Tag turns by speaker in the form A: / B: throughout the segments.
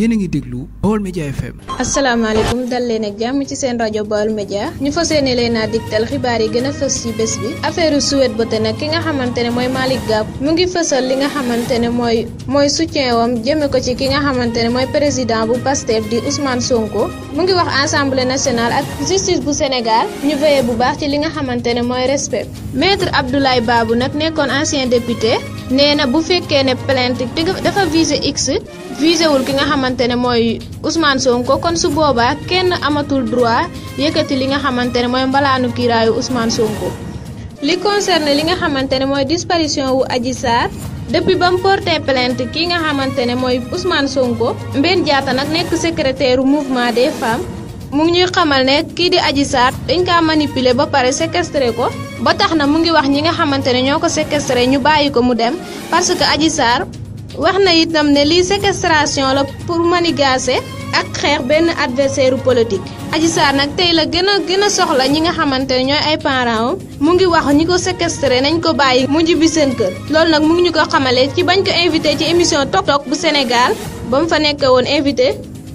A: yéen a ngi déglu Baol Média FM. asalaamaaleykum dal leen ak jàmm ci seen rajo Baol Média ñu fa yéene leen a digtal xibaar yi gën a fës ci bés bi affaire Sweet Beauté nag ki nga xamante ne mooy Malick Gakou mu ngi fësal li nga xamante ne mooy mooy soutien wam jëme ko ci ki nga xamante ne mooy président bu PASTEF di Ousmane Sonko mu ngi wax assemblée nationale ak justice bu Sénégal ñu veillé bu baax ci li nga xamante ne mooy respect maître Abdoulaye baabu nag nekkoon ancien député nee na bu fekkee ne plainte dafa ki nga xamante xamante ne mooy Ousmane Sonko kon su boobaa kenn amatul droit yëkkati li nga xamante ne mooy mbalaanu kiiraayu Ousmane Sonko. li concerne li nga xamante ne mooy disparition wu aji Sarr depuis ba mu porté plainte ki nga xamante ne mooy usmaan Sonko Mbène Diatta nag nekk secrétaire mouvement des femmes. mu ngi ñuy xamal ne kii di aji Sarr dañ kaa manipuler ba pare séquestré ko ba tax na mu ngi wax ñi nga xamante ne ñoo ko séquestré ñu bàyyi ko mu dem parce que Adji Sarr wax na itam ne lii séquestration la pour manigaase ak xeex benn adversaire politique. Adji Sarr nag tey la gën a gën a soxla ñi nga xamante ne ñooy ay parents mu ngi wax ñi ko séquestré nañ ko bàyyi mu njibbi seen kër loolu nag mu ngi ñu ko xamale ci bañ ko invité ci émission Tok Tok bu Sénégal ba mu fa nekk woon invité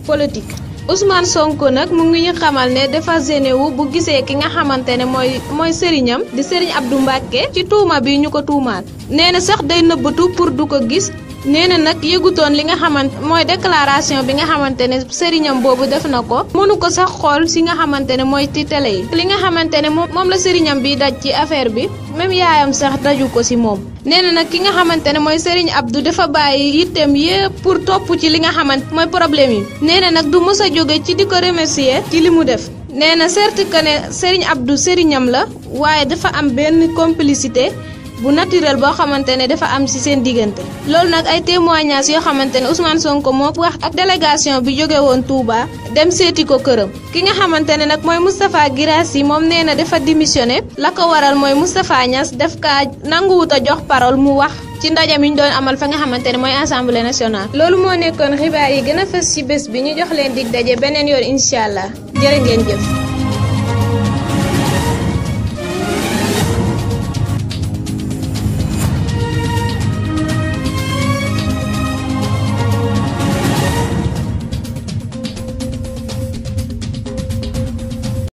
A: politique. Ousmane sonk nag mu ngi ñu xamal ne dafa gêné wu bu gisee ki nga xamante ne mooy mooy sëriñam di sëriñ Abdou Mbacke ci tuuma bi ñu ko tuumaal nee na sax day nëbbatu pour du ko gis nee na nag yëgutoon li nga xamante mooy déclaration bi nga xamante ne sëriñam boobu def na ko mënu ko sax xool si nga xamante ne mooy ci tele yi li nga xamante ne moom la sëriñam bi daj ci affaire bi même yaayam sax daju ko si moom nee na nag ki nga xamante ne mooy Serigne Abdou dafa bàyyi yitteem yëpp pour topp ci li nga xamante mooy problème yi nee na nag du mosa a jóge ci di ko remercier ci li mu def nee na certes que ne ab du sëriñam la waaye dafa am benn complicité bu naturel boo xamante ne dafa am ci seen diggante loolu nag ay témoignages yoo xamante ne Ousmane sonk moo wax ak délégation bi jóge woon Touba dem seeti ko këram ki nga xamante ne nag mooy Moustapha yi moom nee na dafa démissionné la ko waral mooy Moustapha Niass def kaa nanguwut a jox parole mu wax ci ndaje mi ñu doon amal fa nga xamante ne mooy assemblée nationale. loolu moo nekkoon xibaar yi gën a fës ci bés bi ñu jox leen dig daje beneen yoon incha allah jërë ngeen jëf.